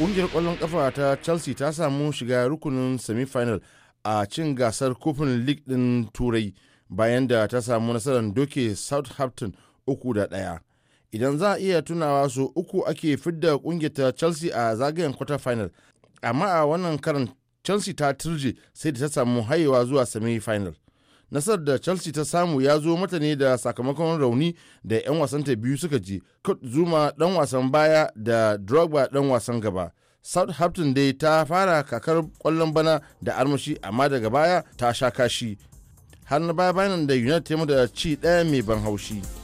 ƙungiyar ƙwallon ƙafa ta chelsea ta samu shiga rukunin semi-final a cin gasar kofin league ɗin turai bayan da ta samu nasarar doke southampton uku da ɗaya idan za a iya tunawa su uku ake fidda ƙungiyarta ta chelsea a zagayen quarter final amma a wannan karan chelsea ta turje sai da ta samu hayewa zuwa semi-final nasar da chelsea ta samu ya zo mata ne da sakamakon rauni da 'yan wasanta biyu suka ji kurt zuma dan wasan baya da drogba dan wasan gaba southampton dai ta fara kakar kwallon bana da armashi amma daga baya ta sha kashi har na baya bayanan da united ta da ci daya mai ban haushi.